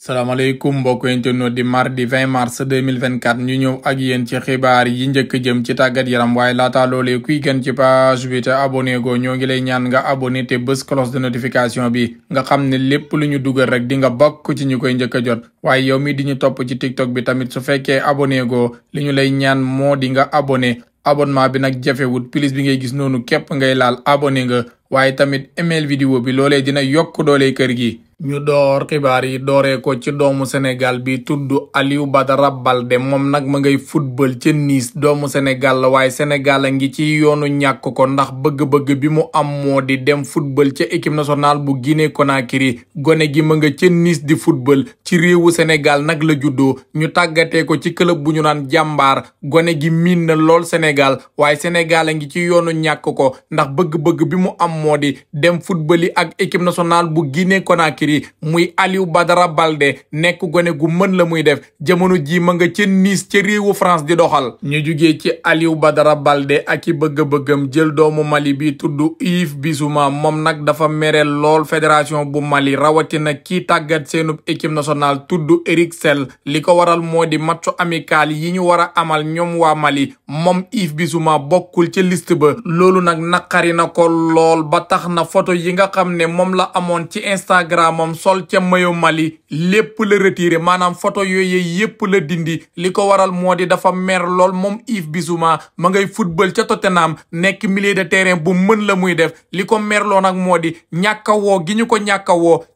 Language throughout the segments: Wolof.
salaamaaleykum mbokk no di mardi 20 mars 2024 ñu ñëw ak yéen ci xibaar yi njëkk jëm ci tàggat yaram waaye laata loolee kuy gën ci page bi te abonné go ñoo ngi lay ñaan nga abonné te bés cloche de notification bi nga xam ne lépp lu ñu dugal rek di nga bokk ci ñu koy njëkk a jot waaye yow mi di ñu topp ci tiktok bi tamit su fekkee abonné go li ñu lay ñaan moo di nga abonné abonnement bi nag jafewut plus bi ngay gis noonu képp ngay laal abonné nga waaye tamit email vidéo bi loolee dina yokk doole kër gi. ñu door xibaar yi dooree ko ci doomu Sénégal bi tudd Aliou Badara Balde moom nag ma ngay football ci niis doomu Sénégal la waaye Sénégal a ngi ci yoonu ñàkk ko ndax bëgg-bëgg bi mu am moo di dem football ca équipe nationale bu Guinée Conakry gone gi ma nga ca Nice di football ci réewu Sénégal nag la juddoo ñu tàggatee ko ci club bu ñu naan jàmbaar gone gi miin na lool Sénégal waaye Sénégal a ngi ci yoonu ñàkk ko ndax bëgg bi mu am moo di dem football yi ak équipe nationale bu Guinée Conakry Algérie muy Aliou Badara Baldé nekk gone gu mën la muy def jamono ji ma nga ca Nice ca réewu France di doxal ñu jugee ci Aliou Badara balde ak i bëgg-bëggam jël doomu Mali bi tudd Yves Bissouma moom nag dafa mereel lool fédération bu Mali rawatina ki tàggat seenub équipe nationale tudd Eric Sell li ko waral moo di matchu amical yi ñu war a amal ñoom waa Mali moom Yves Bissouma bokkul ca liste ba loolu nag naqari na ko lool ba tax na photo yi nga xam ne moom la amoon ci Instagram moom sol ca mayo Mali lépp la retiré maanaam photo yooyu yépp la dindi li ko waral moo di dafa mer lool moom Yves Bissouma ma ngay football ca Tottenham nekk millier de terrain bu mën la muy def li ko merloo nag moo di ñàkk gi ñu ko ñàkk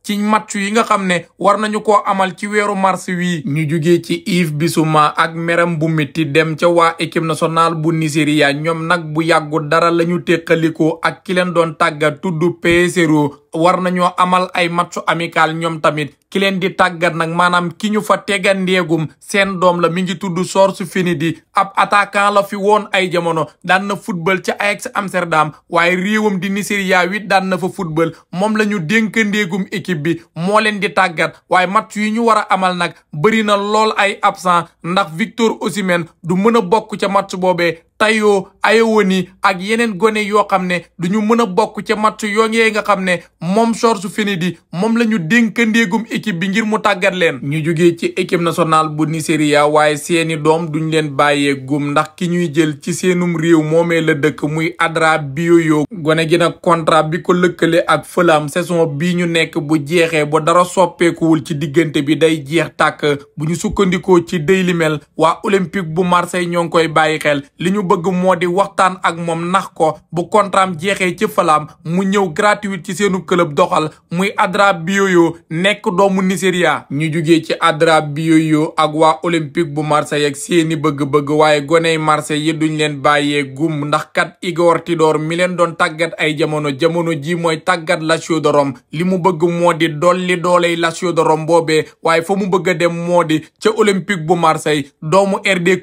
ci match yi nga xam ne war nañu koo amal ci weeru mars wi ñu juge ci Yves Bissouma ak meram bu métti dem ca waa équipe nationale bu Nigéria ñoom nag bu yàggu dara la ñu téqalikoo ak ki leen doon tàggat tudd PSRO war nañoo amal ay matchu amical ñoom tamit ki leen di tàggat nag maanaam ki ñu fa tegandeegum seen doom la mi ngi tudd George Finidi ab attaquant la fi woon ay jamono daan na football ci Ajax Amsterdam waaye réewam di Nigeria wit daan na fa football moom la ñu dénkandeegum équipe bi moo leen di tàggat waaye match yi ñu war a amal nag bëri na lool ay absent ndax Victor Osimhen du mën a bokk ca match boobee tayoo ayewoni ak yeneen gone yoo xam ne du ñu mën a bokk ca match yooyu nga xam ne moom George Finidi moom la ñu dénkandeegum équipe bi ngir mu tàggat leen. ñu jógee ci équipe national bu Nigeria waaye seeni doom duñ leen bàyyee gum ndax ki ñuy jël ci seenum réew moomee la dëkk muy bi Bioyo. gone gi nag contrat bi ko lëkkale ak Fulham saison bii ñu nekk bu jeexee ba dara soppeekuwul ci diggante bi day jeex tàkk bu ñu sukkandikoo ci Daily Mail waa Olympique bu Marseille ñoo ngi koy bàyyi xel bëgg moo di waxtaan ak moom nax ko bu kontraam jeexee ci falaam mu ñëw gratuite ci seenu club doxal muy Adra Bioyo nekk doomu Nigeria ñu jugee ci Adra Bioyo ak waa Olympique bu Marseille ak seeni bëgg-bëgg waaye goney Marseille yi duñ leen bàyyee gum ndax kat Igor Tudor mi leen doon tàggat ay jamono jamono ji mooy tàggat Lazio de Rome li mu bëgg moo di dolli dooley Lazio de Rome boobee waaye fa mu bëgg dem moo di ca Olympique bu Marseille doomu RD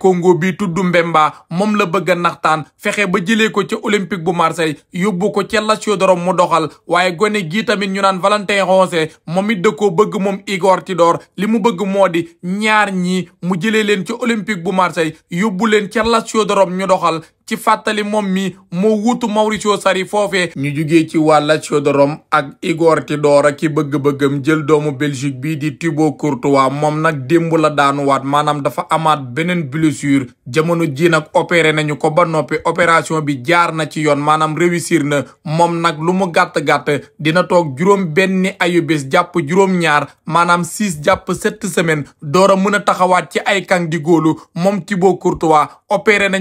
bëgg naxtaan fexe ba jëlee ko ca olympique bu marseille yóbbu ko ca Lazio de Rome mu doxal waaye gone gii tamit ñu naan Valentin Rosé moom it da koo bëgg moom Igor Tudor li mu bëgg moo di ñaar ñii mu jëlee leen ca olympique bu marseille yóbbu leen ca Lazio de Rome ñu doxal ci fàttali moom mi moo wuutu Mauricio Sarri foofee ñu jugee ci waa Lazio de Rome ak Igor Tudor ki bëgg-bëggam jël doomu Belgique bii di Thibaut Courtois moom nag démb la daanuwaat maanaam dafa amaat beneen blessure jamono ji nag opéré nañu ko ba noppi opération bi jaar na ci yoon maanaam réussir na moom nag lu mu gàtt-gàtt dina toog juróom benni ayu bés jàpp juróom ñaar maanaam six jàpp sept semaines door a mën a taxawaat ci ay kang di góolu moom Thibaut Courtois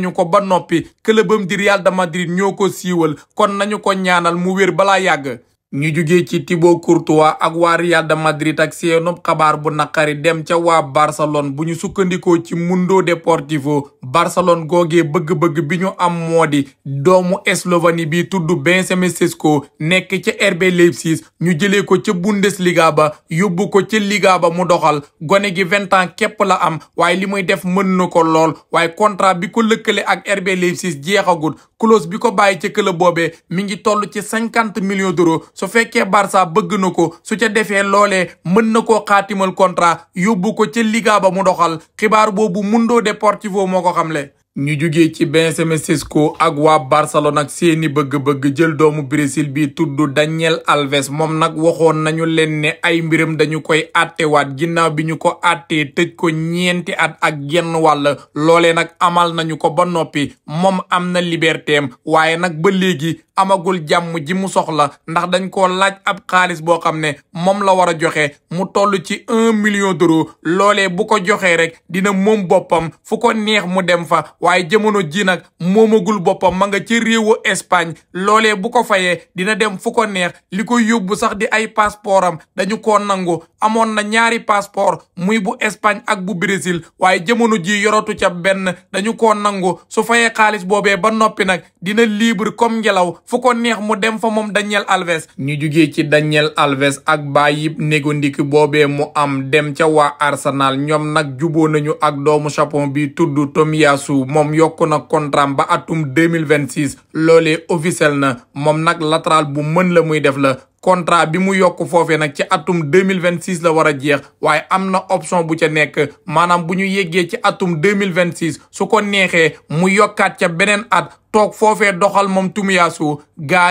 nañu ko ba noppi clubam di Real de Madrid ñoo ko siiwal kon nañu ko ñaanal mu wér balaa yàgg ñu jugee ci tibo Courtois ak waa Real de Madrid ak seenub xabaar bu naqari dem ca waa Barcelone bu ñu sukkandikoo ci Mundo Deportivo Barcelone googee bëgg-bëgg bi ñu am moo di doomu Eslovanie bi tudd Benjamin Sesko nekk ca RB Leipzig ñu jëlee ko ca Bundesliga ba yóbbu ko ca Liga ba mu doxal gone gi vingt ans képp la am waaye li muy def mën na ko lool waaye contrat bi ko lëkkale ak RB Leipzig jeexagut clause bi ko bàyyi ca club boobee mi ngi toll ci cinquante millions d'euros su fekkee Barça bëgg na ko su ca defee loolee mën na koo xaatimal contrat yóbbu ko ca Liga ba mu doxal xibaar boobu Mundo Deportivo moo ko xamle. ñu jugee ci Benjamin Sesko ak waa Barcelone ak seeni bëgg-bëgg jël doomu Brésil bi tudd Daniel Alves moom nag waxoon nañu leen ne ay mbiram dañu koy attewaat ginnaaw bi ñu ko attee tëj ko ñeenti at ak genn wàll loolee nag amal nañu ko ba noppi moom am na libertéem waaye nag ba léegi amagul jàmm ji mu soxla ndax dañ ko laaj ab xaalis boo xam ne moom la war a joxe mu toll ci un million d'euros loolee bu ko joxee rek dina moom boppam fu ko neex mu dem fa waaye jamono ji nag moomagul boppam ma nga ci réewu Espagne loolee bu ko fayee dina dem fu ko neex li ko yóbbu sax di ay passeport am dañu ko nangu amoon na ñaari passeport muy bu Espagne ak bu Brésil waaye jamono ji yorotu ca benn dañu ko nangu su fayee xaalis boobee ba noppi nag dina libre comme ngelaw fu ko neex mu dem fa moom danielle Alves ñu jugee ci danielle Alves ak ba bàyyib négo ndiki boobee mu am dem ca waa Arsenal ñoom nag juboo nañu ak doomu Japon bi tudd Tomiyasu moom yokku na contrat ba atum 2026 loolee officiel na moom nag latéral bu mën la muy def la contrat bi mu yokk foofee nag ci atum deux mille vingt 2026 la war a jeex waaye am na option bu ca nekk maanaam bu ñu yeggee ci atum deux mille vingt 2026 su ko neexee mu yokkaat ca beneen at toog foofee doxal moom Tomiyasu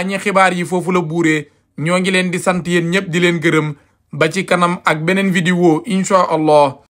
ñi xibaar yi foofu la buuree ñoo ngi leen di sant yéen ñëpp di leen gërëm ba ci kanam ak beneen vidéo incha allah